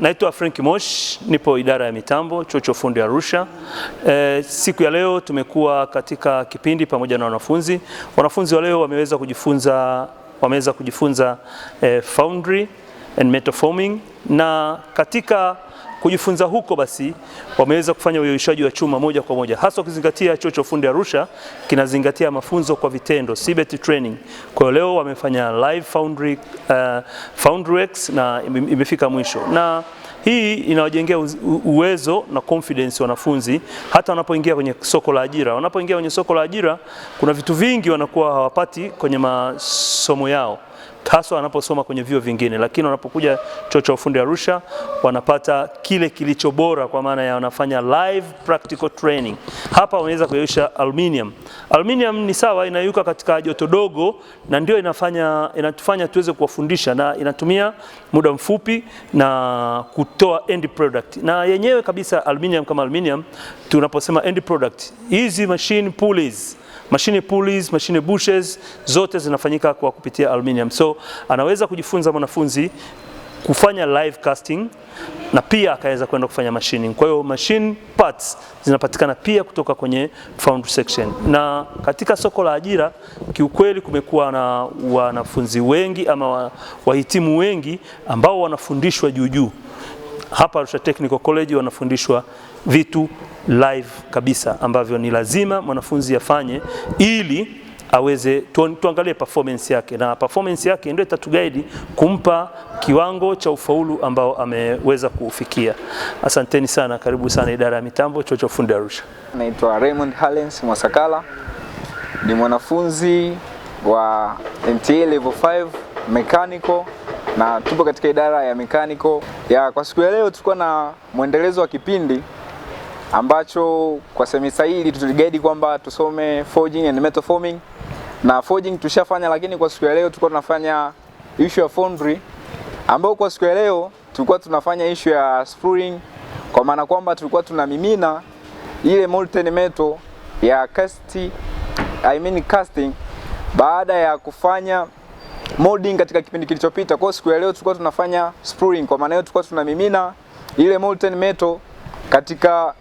Naitwa Frank Mosh, nipo idara ya mitambo, chuo cha ufundi Arusha. E, siku ya leo tumekuwa katika kipindi pamoja na wanafunzi. Wanafunzi wa leo wameweza kujifunza, wameweza kujifunza e, foundry and metal forming, na katika kujifunza huko basi wameweza kufanya uyoishaji wa chuma moja kwa moja, hasa ukizingatia chuo cha ufundi Arusha kinazingatia mafunzo kwa vitendo, CBET training. Kwa leo wamefanya live foundry, uh, foundry works na imefika mwisho, na hii inawajengea uwezo na confidence wanafunzi hata wanapoingia kwenye soko la ajira. Wanapoingia kwenye soko la ajira, kuna vitu vingi wanakuwa hawapati kwenye masomo yao hasa wanaposoma kwenye vyuo vingine, lakini wanapokuja chuo cha ufundi Arusha wanapata kile kilicho bora, kwa maana ya wanafanya live practical training. Hapa wameweza kuyeyusha aluminium. Aluminium ni sawa, inayuka katika joto dogo, na ndio inafanya inatufanya tuweze kuwafundisha, na inatumia muda mfupi na kutoa end product. Na yenyewe kabisa aluminium kama aluminium, tunaposema end product, hizi machine pulleys mashine pulleys, mashine bushes zote zinafanyika kwa kupitia aluminium. So anaweza kujifunza mwanafunzi kufanya live casting na pia akaweza kwenda kufanya machining. Kwa hiyo machine parts zinapatikana pia kutoka kwenye foundry section. Na katika soko la ajira kiukweli, kumekuwa na wanafunzi wengi ama wahitimu wengi ambao wanafundishwa juu juu hapa Arusha Technical College wanafundishwa vitu live kabisa ambavyo ni lazima mwanafunzi afanye ili aweze tuangalie performance yake, na performance yake ndio itatuguide kumpa kiwango cha ufaulu ambao ameweza kufikia. Asanteni sana, karibu sana idara ya mitambo, chuo cha ufundi Arusha. Naitwa Raymond Halens Mwasakala, ni mwanafunzi wa nta level 5 mechanical na tupo katika idara ya mekaniko Ya kwa siku ya leo tulikuwa na mwendelezo wa kipindi ambacho kwa semesta hii tuligaidi kwamba tusome forging and metal forming, na forging tushafanya, lakini kwa siku ya leo tulikuwa tunafanya issue ya foundry, ambayo kwa siku ya leo tulikuwa tunafanya issue ya spruing, kwa maana kwamba tulikuwa tunamimina ile molten metal ya cast, I mean casting baada ya kufanya molding katika kipindi kilichopita. Kwa siku ya leo tulikuwa tunafanya spruing, kwa maana hiyo tulikuwa tunamimina ile molten metal katika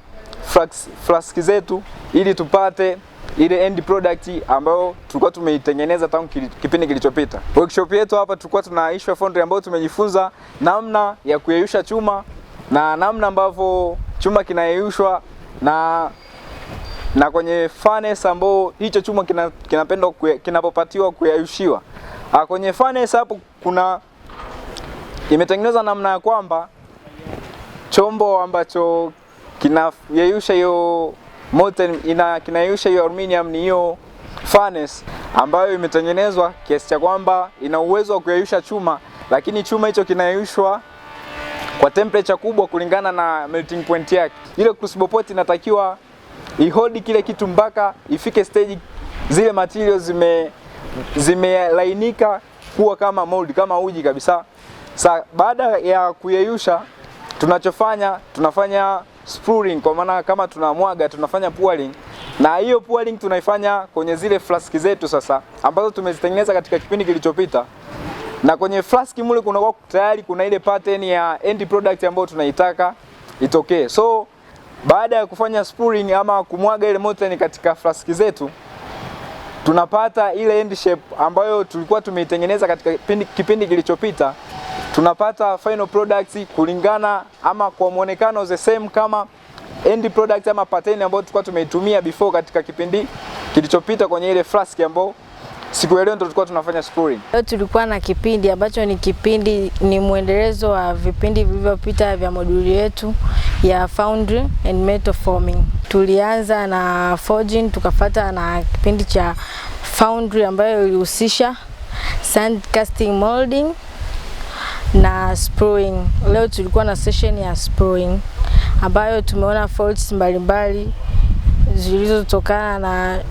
flask, zetu ili tupate ile end product ambayo tulikuwa tumeitengeneza tangu kipindi kilichopita. Workshop yetu hapa tulikuwa tunaishwa foundry ambayo tumejifunza namna ya kuyeyusha chuma na namna ambavyo chuma kinayeyushwa na na kwenye furnace ambao hicho chuma kinapendwa kinapopatiwa kuyayushiwa. A, ah, kwenye furnace hapo kuna imetengenezwa namna ya kwamba chombo ambacho kinayeyusha hiyo molten ina kinayeyusha hiyo aluminium ni hiyo furnace ambayo imetengenezwa kiasi cha kwamba ina uwezo wa kuyeyusha chuma, lakini chuma hicho kinayeyushwa kwa temperature kubwa kulingana na melting point yake. Ile crucible pot inatakiwa ihodi kile kitu mpaka ifike stage zile materials zime zimelainika kuwa kama mold, kama uji kabisa. Sa baada ya kuyeyusha, tunachofanya tunafanya spruring, kwa maana kama tunamwaga tunafanya pouring, na hiyo pouring tunaifanya kwenye zile flask zetu sasa ambazo tumezitengeneza katika kipindi kilichopita na kwenye flask mule kunakuwa tayari kuna ile pattern ya end product ambayo tunaitaka itokee. So baada ya kufanya spruring ama kumwaga ile molten katika flask zetu, tunapata ile end shape ambayo tulikuwa tumeitengeneza katika kipindi, kipindi kilichopita. Tunapata final products kulingana ama kwa mwonekano the same kama end product ama pattern ambayo tulikuwa tumeitumia before katika kipindi kilichopita kwenye ile flask ambayo siku ya leo ndo tulikuwa tunafanya scoring. Leo tulikuwa na kipindi ambacho ni kipindi ni mwendelezo wa vipindi vilivyopita vya moduli yetu ya foundry and metal forming tulianza na forging, tukafata na kipindi cha foundry ambayo ilihusisha sand casting molding na sprueing. Leo tulikuwa na session ya sprueing ambayo tumeona faults mbalimbali zilizotokana na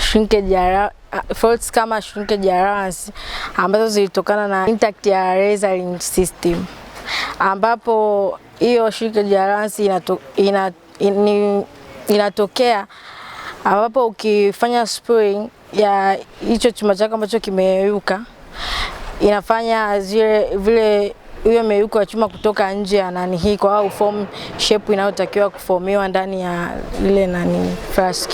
shrinkage ya faults kama shrinkage allowance ambazo zilitokana na intact ya lasering system ambapo hiyo shrinkage allowance inato, inato in, inatokea ambapo ukifanya spring ya hicho chuma chako ambacho kimeyuka inafanya zile vile hiyo meyuko ya chuma kutoka nje ya nani hii kwa au form shape inayotakiwa kuformiwa ndani ya lile nani flask.